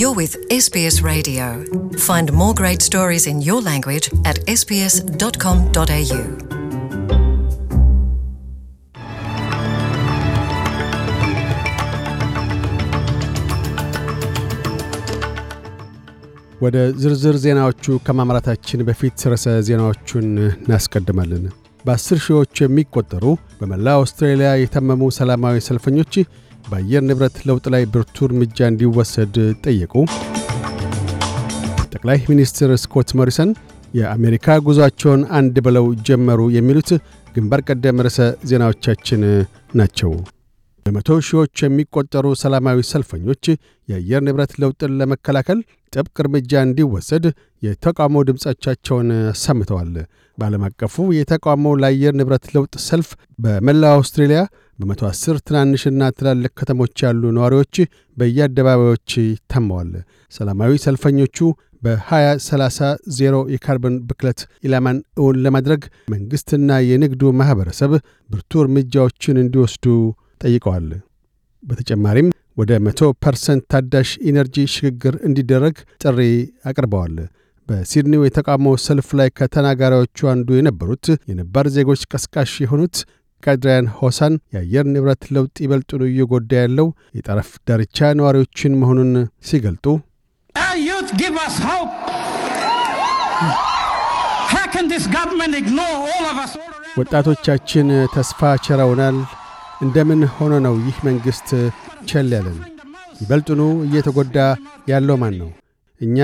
You're with SBS Radio. Find more great stories in your language at sbs.com.au. ወደ ዝርዝር ዜናዎቹ ከማምራታችን በፊት ርዕሰ ዜናዎቹን እናስቀድማለን። በአስር ሺዎች የሚቆጠሩ በመላ አውስትራሊያ የታመሙ ሰላማዊ ሰልፈኞች በአየር ንብረት ለውጥ ላይ ብርቱ እርምጃ እንዲወሰድ ጠየቁ። ጠቅላይ ሚኒስትር ስኮት ሞሪሰን የአሜሪካ ጉዞቸውን አንድ ብለው ጀመሩ። የሚሉት ግንባር ቀደም ርዕሰ ዜናዎቻችን ናቸው። በመቶ ሺዎች የሚቆጠሩ ሰላማዊ ሰልፈኞች የአየር ንብረት ለውጥን ለመከላከል ጥብቅ እርምጃ እንዲወሰድ የተቃውሞ ድምፆቻቸውን አሰምተዋል። በዓለም አቀፉ የተቃውሞ ለአየር ንብረት ለውጥ ሰልፍ በመላው አውስትሬልያ በመቶ አስር ትናንሽና ትላልቅ ከተሞች ያሉ ነዋሪዎች በየአደባባዮች ታመዋል። ሰላማዊ ሰልፈኞቹ በ2030 የካርበን ብክለት ኢላማን እውን ለማድረግ መንግሥትና የንግዱ ማኅበረሰብ ብርቱ እርምጃዎችን እንዲወስዱ ጠይቀዋል። በተጨማሪም ወደ መቶ ፐርሰንት ታዳሽ ኢነርጂ ሽግግር እንዲደረግ ጥሪ አቅርበዋል። በሲድኒው የተቃውሞ ሰልፍ ላይ ከተናጋሪዎቹ አንዱ የነበሩት የነባር ዜጎች ቀስቃሽ የሆኑት ካድሪያን ሆሳን የአየር ንብረት ለውጥ ይበልጡን እየጎዳ ያለው የጠረፍ ዳርቻ ነዋሪዎችን መሆኑን ሲገልጡ ወጣቶቻችን ተስፋ ቸረውናል። እንደምን ሆኖ ነው ይህ መንግሥት ቸል ያለን? ይበልጡኑ እየተጎዳ ያለው ማን ነው? እኛ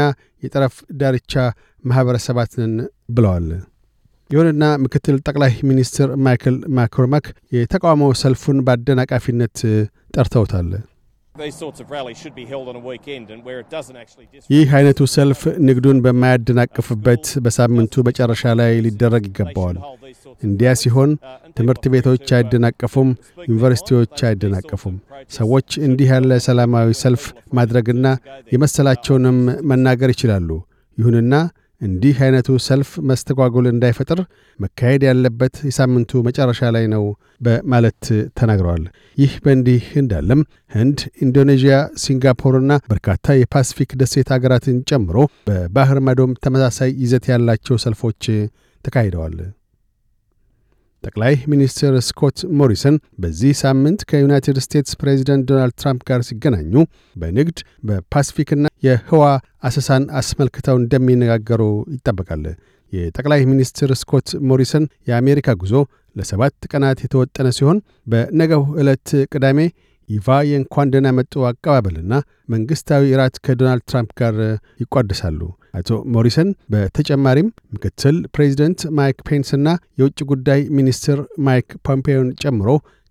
የጠረፍ ዳርቻ ማኅበረሰባትንን ብለዋል። ይሁንና ምክትል ጠቅላይ ሚኒስትር ማይክል ማክሮማክ የተቃውሞ ሰልፉን በአደናቃፊነት ጠርተውታል። ይህ አይነቱ ሰልፍ ንግዱን በማያደናቅፍበት በሳምንቱ መጨረሻ ላይ ሊደረግ ይገባዋል። እንዲያ ሲሆን ትምህርት ቤቶች አይደናቀፉም፣ ዩኒቨርሲቲዎች አይደናቀፉም። ሰዎች እንዲህ ያለ ሰላማዊ ሰልፍ ማድረግና የመሰላቸውንም መናገር ይችላሉ። ይሁንና እንዲህ አይነቱ ሰልፍ መስተጓጎል እንዳይፈጥር መካሄድ ያለበት የሳምንቱ መጨረሻ ላይ ነው በማለት ተናግረዋል። ይህ በእንዲህ እንዳለም ህንድ፣ ኢንዶኔዥያ፣ ሲንጋፖርና በርካታ የፓስፊክ ደሴት አገራትን ጨምሮ በባህር ማዶም ተመሳሳይ ይዘት ያላቸው ሰልፎች ተካሂደዋል። ጠቅላይ ሚኒስትር ስኮት ሞሪሰን በዚህ ሳምንት ከዩናይትድ ስቴትስ ፕሬዚደንት ዶናልድ ትራምፕ ጋር ሲገናኙ በንግድ በፓስፊክና የህዋ አሰሳን አስመልክተው እንደሚነጋገሩ ይጠበቃል። የጠቅላይ ሚኒስትር ስኮት ሞሪሰን የአሜሪካ ጉዞ ለሰባት ቀናት የተወጠነ ሲሆን በነገው ዕለት ቅዳሜ ይፋ የእንኳን ደህና መጡ አቀባበልና መንግስታዊ ራት ከዶናልድ ትራምፕ ጋር ይቋደሳሉ። አቶ ሞሪሰን በተጨማሪም ምክትል ፕሬዚደንት ማይክ ፔንስና የውጭ ጉዳይ ሚኒስትር ማይክ ፖምፔዮን ጨምሮ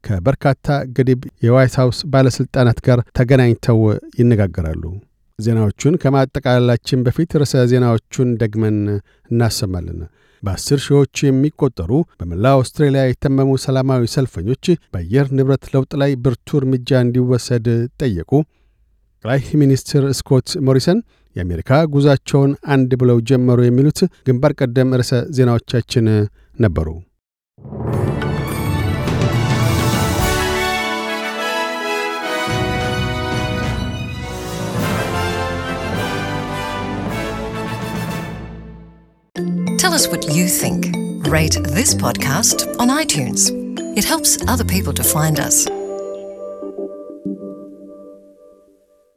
ከበርካታ ገዲብ የዋይት ሀውስ ባለሥልጣናት ጋር ተገናኝተው ይነጋገራሉ። ዜናዎቹን ከማጠቃለላችን በፊት ርዕሰ ዜናዎቹን ደግመን እናሰማለን። በአስር ሺዎች የሚቆጠሩ በመላ አውስትሬልያ የታመሙ ሰላማዊ ሰልፈኞች በአየር ንብረት ለውጥ ላይ ብርቱ እርምጃ እንዲወሰድ ጠየቁ። ጠቅላይ ሚኒስትር ስኮት ሞሪሰን የአሜሪካ ጉዟቸውን አንድ ብለው ጀመሩ። የሚሉት ግንባር ቀደም ርዕሰ ዜናዎቻችን ነበሩ። Tell us what you think. Rate this podcast on iTunes. It helps other people to find us.